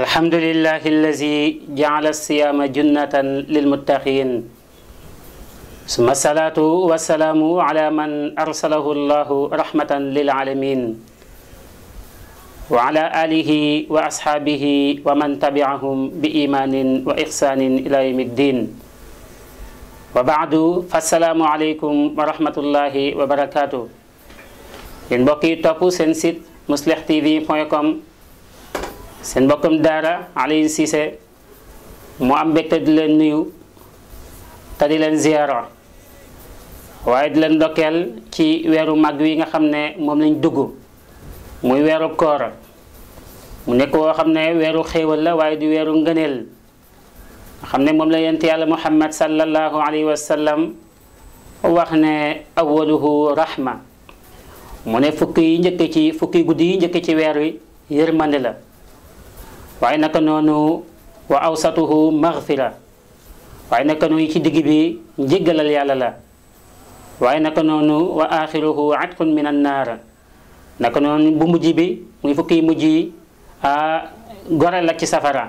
الحمد لله الذي جعل الصيام جنة للمتقين ثم الصلاة والسلام على من أرسله الله رحمة للعالمين وعلى آله وأصحابه ومن تبعهم بإيمان وإحسان إلى يوم الدين وبعد فالسلام عليكم ورحمة الله وبركاته yéen mbokk yi topp seen site mouslih tv point com seen mbokkam daara Aliou Cissé mu am mbégte di leen nuyu te di leen ziyaara waaye di leen ndokkeel ci weeru mag wi nga xam ne moom lañ dugg muy weeru koor mu nekk woo xam ne weeru xéewal la waaye di weeru ngëneel nga xam ne moom la yent yàlla muhammad sallallahu alayhi wa sallam wax ne awaluhu rahma mu ne fukki yi njëkk ci fukki guddi yi njëkk ci weer wi yërmande la waaye naka noonu wa awsatuhu maghfira waaye naka noonu ci digg bi njéggalal yàlla la waaye naka noonu wa axiruhu atqun min annaar naka noonu bu mujj bi muy fukki mujj yi a la ci safara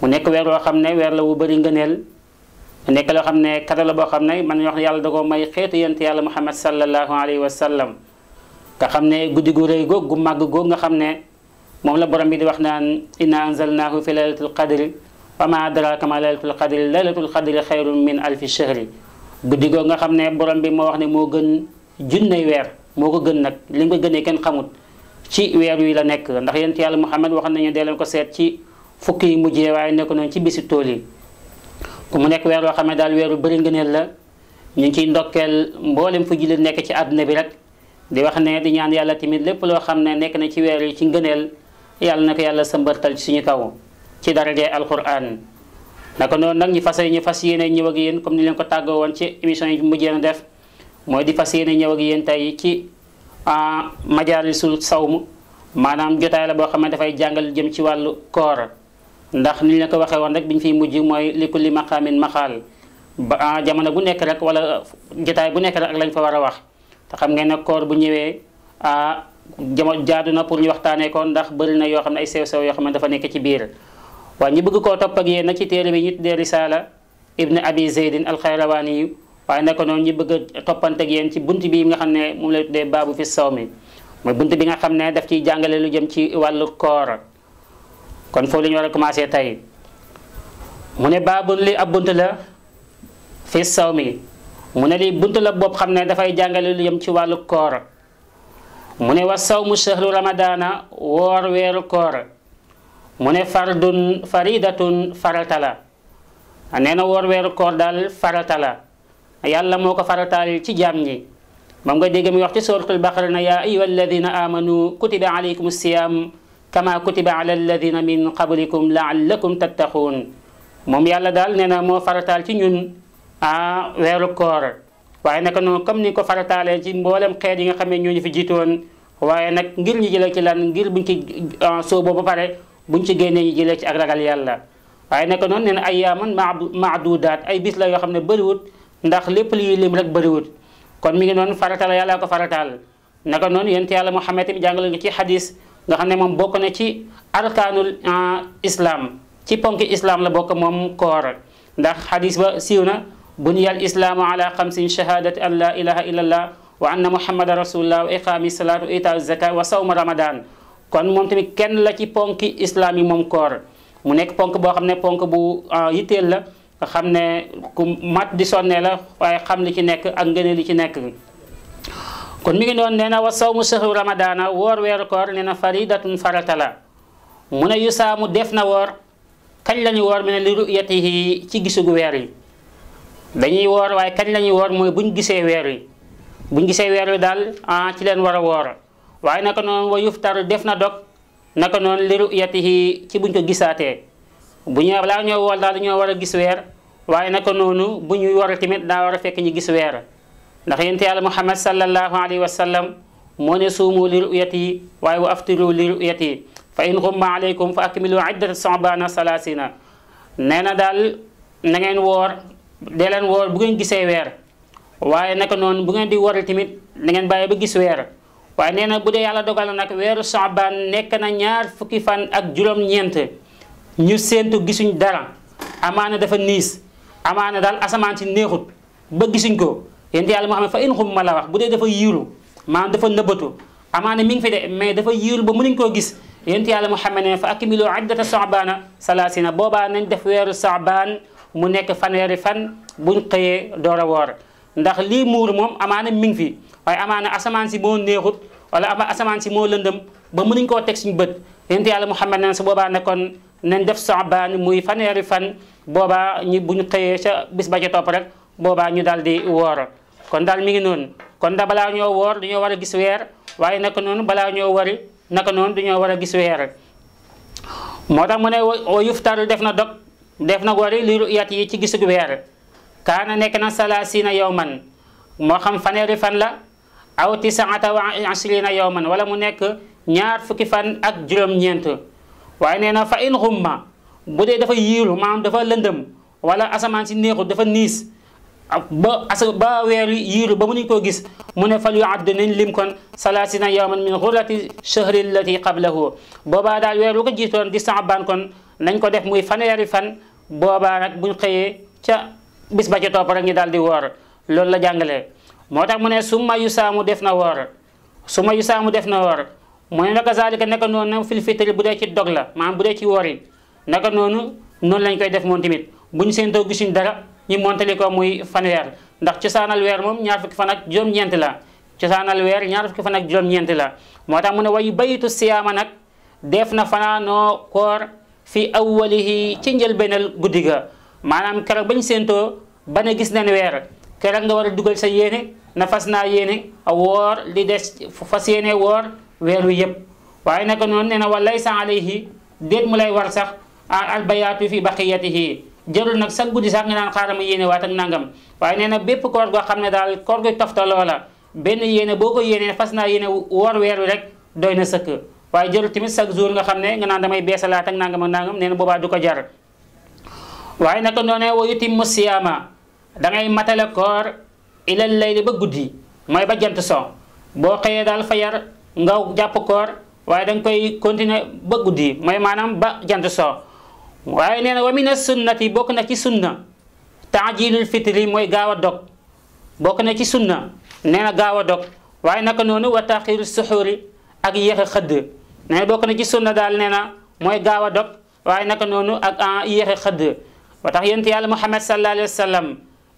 mu nekk weer woo xam ne weer la wu bari ngëneel mu nekk loo xam ne kado la boo xam ne man wax yàlla da ko may xeetu yent yàlla muhammad sallallahu alayhi wa sallam nga xam ne guddi gu rëy goog gu màgg goog nga xam ne moom la borom bi di wax naan inna anzalnaahu fi laylatul qadri wa ma adraka ma laylatul qadri laylatul qadri xayrun min alfi shahri guddi googu nga xam ne borom bi moo wax ne moo gën junney weer moo ko gën nag li nga gënee kenn xamut ci weer wi la nekk ndax yonent yàlla Muhammad wax nañu dee leen ko seet ci fukki yi mujjee waaye nekk noonu ci bisi tool yi mu nekk weer woo xam ne daal weer bu bëri ngëneel la ñu ngi ciy ndokkeel mboolem fu jullit nekk ci àdduna bi rek di wax ne di ñaan yàlla tamit lépp loo xam ne nekk na ci weer yi ci ngëneel yàlla na ko yàlla sëmbartal ci suñu kaw ci darajee na ko noonu nag ñu fas ñu fas yéene ñëw ak yéen comme ni ko tàggoo woon ci émission yi mu jéem def mooy di fas yéene ñëw ak yéen tey ci ah, majaalisul sawm maanaam jotaay la boo xam ne dafay jàngal jëm ci wàllu koor ndax ni leen ko waxee woon rek bi ñu fi mujj mooy li kulli maqaamin maqaal ba ah, jamono bu nekk rek wala jotaay bu nekk rek ak lañ fa war a wax te xam ngeen ne koor bu ñëwee. Ah, jamono jaadu na pour ñu waxtaanee ko ndax bëri na yoo xam ne ay sew sew yoo xam ne dafa nekk ci biir waaye ñu bëgg koo topp ak yéen nag ci téere bi ñu tuddee Risaala Ibn Abi Zaydin al-Xayrawaani yu waaye naka noonu ñu bëgg a toppante yéen ci bunt bi nga xam ne moom la tuddee baabu fi sawmi mooy bunt bi nga xam ne daf ciy jàngale lu jëm ci wàllu koor kon foofu la ñu war a commencé tey mu ne baabun li ab bunt la fi mi mu ne lii bunt la boobu xam ne dafay jàngale lu jëm ci wàllu koora mu ne wa sawmu shahru ramadaana woor weeru koor mu ne fardun faridatun farata la nee na woor weeru koor daal farata la yàlla moo ko farataal ci jaam ñi moom nga dégg muy wax ci suratul baqara na yaa ayuha alladina amanu kutiba alaykum siyam kama kutiba ala alladina min qablikum laallakum tattaquun moom yàlla daal nee na moo farataal ci ñun a ah, weeru koor waaye naka noonu comme ni ko farataalee ci mboolem xeet yi nga xam ne ñoo ñu fi jiitoon waaye nag ngir ñu jëlee ci lan ngir buñ ci euh, sooboo ba pare buñ ci génnee ñu jëlee ci ak ragal yàlla waaye naka noonu nee na ay yaaman maadudaat ay bis la yoo xam ne bëriwut ndax lépp li ñuy lim rek bëriwut kon mi ngi noonu farataal yàlla ko farataal naka noonu yonent yàlla Muhammad tamit jàngale nga ci xadis nga xam ne moom bokk na ci arkaanul euh, islam ci ponki islam la bokk moom koor ndax xadis ba siiw na بني الإسلام على خمس شهادة أن لا إله إلا الله وأن محمد رسول الله وإقام الصلاة وإيتاء الزكاة وصوم رمضان kon moom tamit kenn la ci ponki islam yi moom koor mu nekk ponk boo xam ne ponk bu ah, yitteel la nga mat di sonne la waaye xam li ci nekk ak ngëneel li ci nekk kon mi ngi noonu nee na wa sawmu shahru ramadana woor weeru koor nee na faridatun mu ne yusaamu def na woor kañ la ñu woor mu ne li ruyatihi ci gisugu weer yi dañuy woor waaye kañ la ñuy woor mooy bu ñu gisee weer wi bu ñu gisee weer wi daal ah ci leen war a woor waaye naka noonu wa yuftaru def na dog naka noonu li ru'yatihi ci buñ ko gisaatee bu ñu laa ñoo woor daal dañoo war a gis weer waaye naka noonu bu ñuy woor tamit daa war a fekk ñu gis weer ndax yonent yàlla Muhammad sallallahu alayhi wa sallam moo ne suumu li ru'yati waaye wa aftiru li ru'yati fa in xumma aleykum fa akmilu iddata sobaana salaasina nee na daal na woor dee leen woor bu ngeen gisee weer waaye naka noon bu ngeen di wori tamit da ngeen bàyyi ba gis weer waaye nee na bu dee yàlla dogal na nag weeru Saabaan nekk na ñaar fukki fan ak juróom-ñeent ñu séentu gisuñ dara amaana dafa niis amaana daal asamaan ti neexut ba gisuñ ko yéen yàlla moo xam ne fa in xum ma la wax bu dee dafa yiiru maanaam dafa nëbbatu amaana mi ngi fi de mais dafa yiiru ba mënuñ koo gis yéen yàlla moo xam ne fa akmilu iddata Saabaana salaasina boobaa nañ mu nekk fanweeri fan buñ xëyee door a woor ndax lii muur moom amaana mi ngi fi waaye amaana asamaan si moo neexut wala ama asamaan si moo lëndëm ba mënuñ koo teg suñu bët yonent yàlla Muhammad neen su boobaa nekkoon nañ def saabaan muy fanweeri fan boobaa ñu bu ñu xëyee ca bis ba ca topp rek boobaa ñu daal di woor kon daal mi ngi noonu kon da balaa ñoo woor dañoo war a gis weer waaye naka noonu balaa ñoo wari naka noonu dañoo war a gis weer moo tax mu ne wa yuftaru def na dog def na gori li ru'yat yi ci gisug weer kaana nekk na salaasina yowman moo xam faneeri fan la aw tisaata wa ashrina yowman wala mu nekk ñaar fukki fan ak juróom-ñeent waaye nee na fa in xumma bu dee dafa yiilu maanaam dafa lëndëm wala asamaan si neexul dafa niis ba as ba weer yiiru ba mënuñ koo gis mu ne fal yu addu nañ lim kon salaasina yowman min xurrati shahri allati qablahu daal weer wu ko di saabaan kon nañ ko def muy faneeri fan boobaa nag ñu xëyee ca bis ba ca topp rek ñu daal di woor loolu la jàngalee moo tax mu ne summa yu saamu def na woor summa yu saamu def na woor mu ne naka zaalika naka noonu na fil fitri bu dee ci dog la maanaam bu dee ci woor yi naka noonu noonu lañ koy def moom tamit buñ seen too gisuñ dara ñu ko muy fanweer ndax cosaanal weer moom ñaar fukki fan ak juróom la cosaanal weer ñaar fukki fan ñeent la moo tax mu ne wayu bayitu siyaama nag def na fanaanoo koor fi awwalihi ci njëlbeenal guddi ga maanaam keroog bañ séentoo ba ne gis nañ weer keroog nga war a dugal sa yéene na fas naa yéene woor li des fas yéene woor weer wi yëpp waaye naka noonu nee na walay sa alayhi déet mu lay war sax albayaatu fi baqiyatihi jarul nag sax guddi sax nga naan xaaral ma yéene waat ak nangam na bépp koor goo xam ne daal koor gi toftaloo la benn yéene boo ko yéenee fas naa yéene woor weer wi rek doy na sëkk. waaye jërul tamit chaque jour nga xam ne nga naan may beesalaat ak nangam ak nangam nee na boobaa du ko jar waaye naka noonee wa yutimmu siyaama da ngay matale koor ilal layli ba guddi mooy ba so boo xëyee daal fa yar nga jàpp koor waaye da nga koy continuer ba guddi mooy maanaam ba jant so waaye nee na wa mina sunnati bokk na ci sunna taajilul fitri mooy gaaw a dog bokk na ci sunna nee na gaaw a dog waaye naka noonu wa taxiru suxuri ak yéex xëdd nee na bokk na ci sunna daal nee na mooy gaaw a dog waaye naka noonu ak a yéex xëdd ba tax yonent yàlla Muhammad sallallahu alayhi wa sallam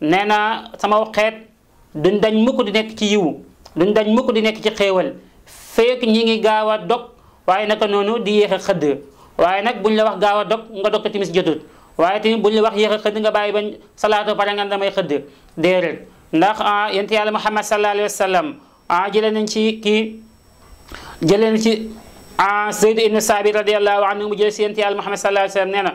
nee na sama xeet duñ dañ mukk di nekk ci yiw duñ dañ mukk di nekk ci xéewal feek ñi ngi gaaw dog waaye naka noonu di yéex xëdd waaye nag buñ la wax gaaw a dog nga dog ko timis jotut waaye tamit buñ la wax yéex a xëdd nga bàyyi bañ salaatu pare nga damay xëdd déedéet ndax ah, yonent yàlla Muhammad sallallahu alayhi wa a ah, jëlee nañ ci kii jëlee ci ah Zayd ibn Saabit radiyallahu anhu mu jël si yéen ci yàlla Muhammad sallallahu alayhi wa sallam nee na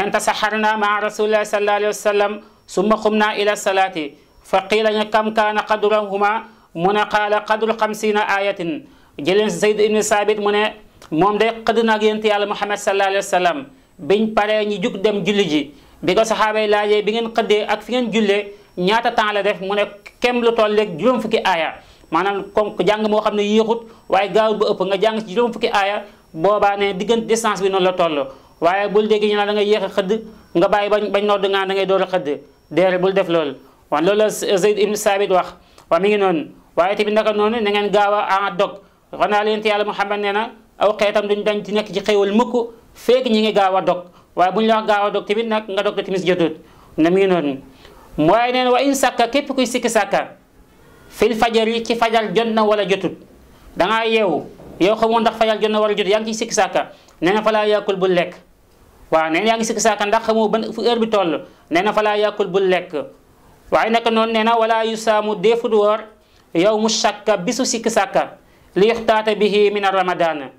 neen tasaxarna maa rasulillahi sallallahu alayhi wa sallam summa xumna ila salaati fa qiila ñu kam kaana qadruhuma mu ne qaala qadru xamsina ayatin jëleen Zayd ibn Saabit mu ne moom de xëdd na ak yéen ci yàlla Muhammad sallallahu alayhi wa sallam biñ paree ñu jug dem julli ji bi ko saxaaba yi laajee bi ngeen xëddee ak fi ngeen jullee ñaata temps la def mu ne kem lu toll rek juróom fukki aya maanaam comme jàng moo xam ne yéexut waaye gaawul ba ëpp nga jàng ci juróom fukki aaya boobaa ne diggante distance bi noonu la toll waaye bul dégg ñu da nga yéex a xëdd nga bàyyi bañ bañ nodd nga da ngay door a xëdd déere bul def loolu wan loolu la Zayd ibn Saabit wax waa mi ngi noonu waaye tamit naka noonu na ngeen gaaw a en dog naa leen te yàlla Muhammad nee na aw xeetam duñ dañ ci nekk ci xéewal mukk fekk ñi gaaw a dog waaye bu ñu wax gaaw a dog tamit nag nga dog da timis jotut na mi ngi noonu waaye nee na wa in sàkka képp kuy sikki sàkka fil fajar yi ci fajar jot na wala jotut da ngaa yeewu yow xamoo ndax fajar jot na wala jotut yaa ngi ciy sikki sàkka nee na fa laa yàkkul lekk waaw nee yaa ngi sikki sàkka ndax xamoo ba fu heure bi toll nee na fa laa yàkkul lekk waaye nag noonu nee na wala yu saamu deefut wor yow mu sàkka bisu sikki sàkka li yuxtaata bihi min ramadan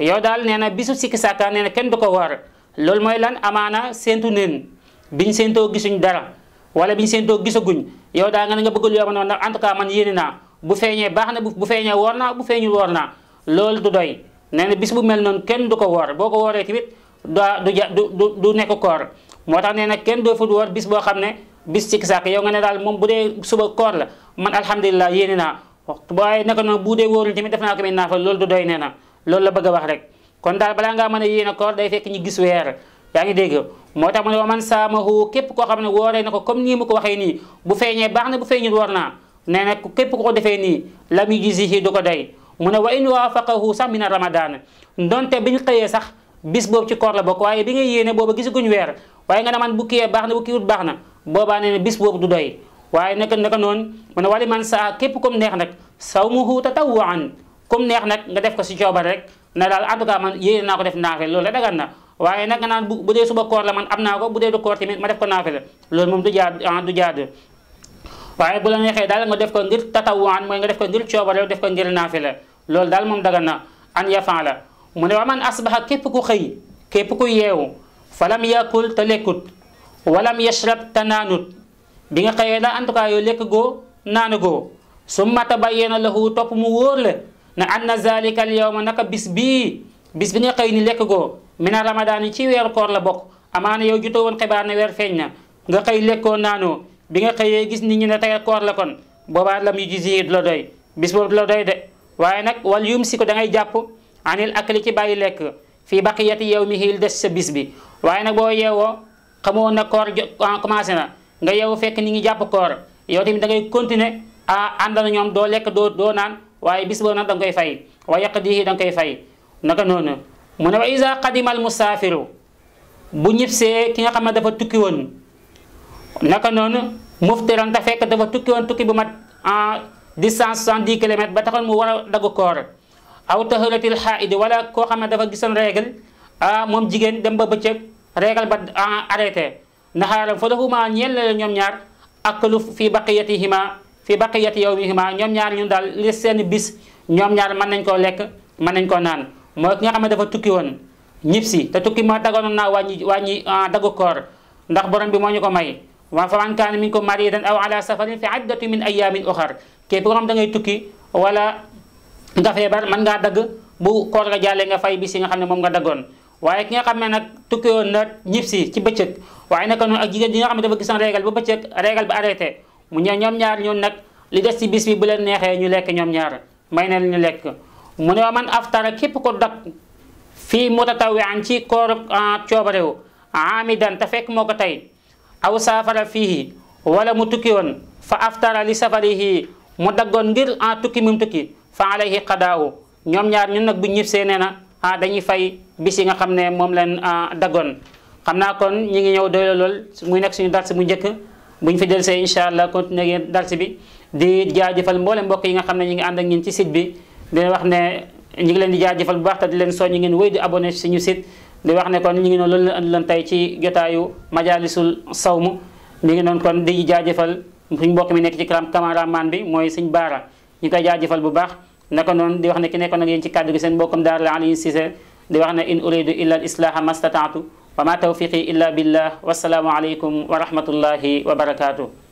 yow daal nee na bisu sikki sàkka nee na kenn du ko woor loolu mooy lan amaana seentu neen biñ séentoo gisuñ dara wala bi ñu séentoo gisaguñ yow daa nga ne nga bëgg lu yomb noonu ndax en tout man yéene bu feeñee baax na bu feeñee woor naa bu feeñul woor naa loolu du doy nee na bis bu mel noonu kenn du ko woor boo ko wooree tamit daa du ja du du nekk koor moo tax nee na kenn doo fa woor bis boo xam ne bis ci yow nga ne daal moom bu dee suba koor la man alhamdulilah yéene naa waaye naka noonu bu dee wóorul tamit def naa loolu du doy nee na loolu la bëgg a rek kon daal balaa ngaa mën a yéene koor day fekk ñu gis weer yaa ngi dégg moo tax mu ne wa man saamahu képp koo xam ne wooree na ko comme nii mu ko waxee nii bu feeñee baax na bu feeñul woor naa nee na képp ku ko defee nii lam yujzihi du ko day mu ne wa in waafaqahu sax mina ramadaan donte bi ñu xëyee sax bis boobu ci koor la bokk waaye bi nga yéene booba gisaguñ weer waaye nga ne man bu kiyee baax na bu kiiwut baax na boobaa nee na bis boobu du doy waaye naka naka noonu mu ne wali man saa képp comme neex nag sawmuhu tatawwaan comme neex nag nga def ko si coobar rek na daal en tout cas man yéene naa ko def naafel loolu la dagan na waaye nag naan bu bu dee suba koor la man am naa ko bu dee du koor ma def ko naafila loolu moom du jaadu ah du jaadu waaye bu la neexee daal nga def ko ngir tatawaan mooy nga def ko ngir coobare def ko ngir naafila loolu daal moom dagan na an yafan la mu ne waa man asbaxa képp ku xëy képp ku yeewu falam yakul te lekkut walam yashrab te naanut bi nga xëyee daal en tout cas yow lekk goo naanu goo summa tabayyana lahu topp mu wóor la na anna zalika al yawma naka bis bii bis bi nga xëy ni lekk mina ramadaani ci weeru koor la bokk amaana yow jutoo woon xibaar ne weer feeñ na nga xëy lekkoo naanoo bi nga xëyee gis nit ñi ne tey koor la kon boobaa lam yu gis du la doy bis boobu du la doy de waaye nag wal yum si ko da ngay jàpp anil akli ci bàyyi lekk fii baqiyati yawmihi des sa bis bi waaye nag boo yeewoo xamoo na koor ah, commencé na nga yeewu fekk ni ngi jàpp koor yow tamit da ngay continuer a ànd na ñoom doo lekk doo doo naan waaye bis boobu nag da koy fay wa yaqdihi da nga koy fay naka noonu mu ne wa isa qadima al musaafiru bu ñibsee ki nga xam ne dafa tukki woon naka noonu muftiran te fekk dafa tukki woon tukki bu mat en distance 70 kilomètres ba taxoon mu war a dagg koor aw taharatil xaaidi wala koo xam ne dafa gisoon régal ah moom jigéen dem ba bëccëg régal ba arrêté naxaaram fa lahuma ñeel la ñoom ñaar akalu fi baqiyatihima fi baqiyati ma ñoom ñaar ñu daal li seen bis ñoom ñaar mën nañ koo lekk mën nañ koo naan moo ki nga xam ne dafa tukki woon ñib si te tukki ma daganoon naa waa ñi dagu koor ndax borom bi moo ñu ko may wa faman kaana minkum maridan aw ala safarin fa iddatu min ayamin uxar képp ko xam da ngay tukki wala nga feebar mën ngaa dagg bu koor nga jàllee nga fay bi si nga xam ne moom nga daggoon waaye ki nga xam ne nag tukki woon na ñib si ci bëccëg waaye naka noonu ak jigéen ji nga xam ne dafa gisoon régal ba bëccëg régal ba arrêté mu ñëw ñoom ñaar ñoon nag li des ci bis bi bu leen neexee ñu lekk ñoom ñaar may na ñu lekk mu ne wa man aftara képp ko dog fii mutatawian ci koor ah, coobarewu amidan te fekk moo ko tey aw saafara fii wala mu tukki woon fa aftara li safarihi mu daggoon ngir en ah, tukki mu tukki fa alayhi qadaawu ñoom ñaar ñun nag bu ñib see nee na ah dañuy fay bis yi nga xam ne moom leen ah, daggoon xam naa kon ñu ngi ñëw doyla lool muy nekk suñu dars mu njëkk buñ fi dellusee incha allah continuer dars bi di jaajëfal mboolem mbokk yi nga xam ne ñu ngi ànd ak ñun ci site bi dina wax ne ñu ngi leen di jaajëfal bu baax te di leen soññi ngeen wéy di abonné suñu site di wax ne kon ñu ngi noonu loolu andi leen tey ci jotaayu majalisul sawmu ñu ngi noonu kon di jaajëfal suñ mbokk mi nekk ci cam cameraman bi mooy suñ baara ñu koy jaajëfal bu baax naka noonu di wax ne ki nekkoon ak yen ci kàddu gi seen mbokkam daara la Aliou Cissé di wax ne in uridu illa al islaha mastataatu wa ma tawfiqi illa billah wasalaamu aleykum wa rahmatullahi wa barakatuh